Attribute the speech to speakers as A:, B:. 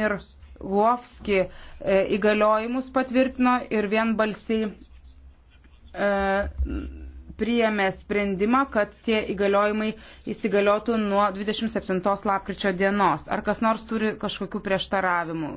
A: ir Vovski e, įgaliojimus patvirtino ir vienbalsiai e, priėmė sprendimą, kad tie įgaliojimai įsigaliotų nuo 27 lapkričio dienos. Ar kas nors turi kažkokių
B: prieštaravimų?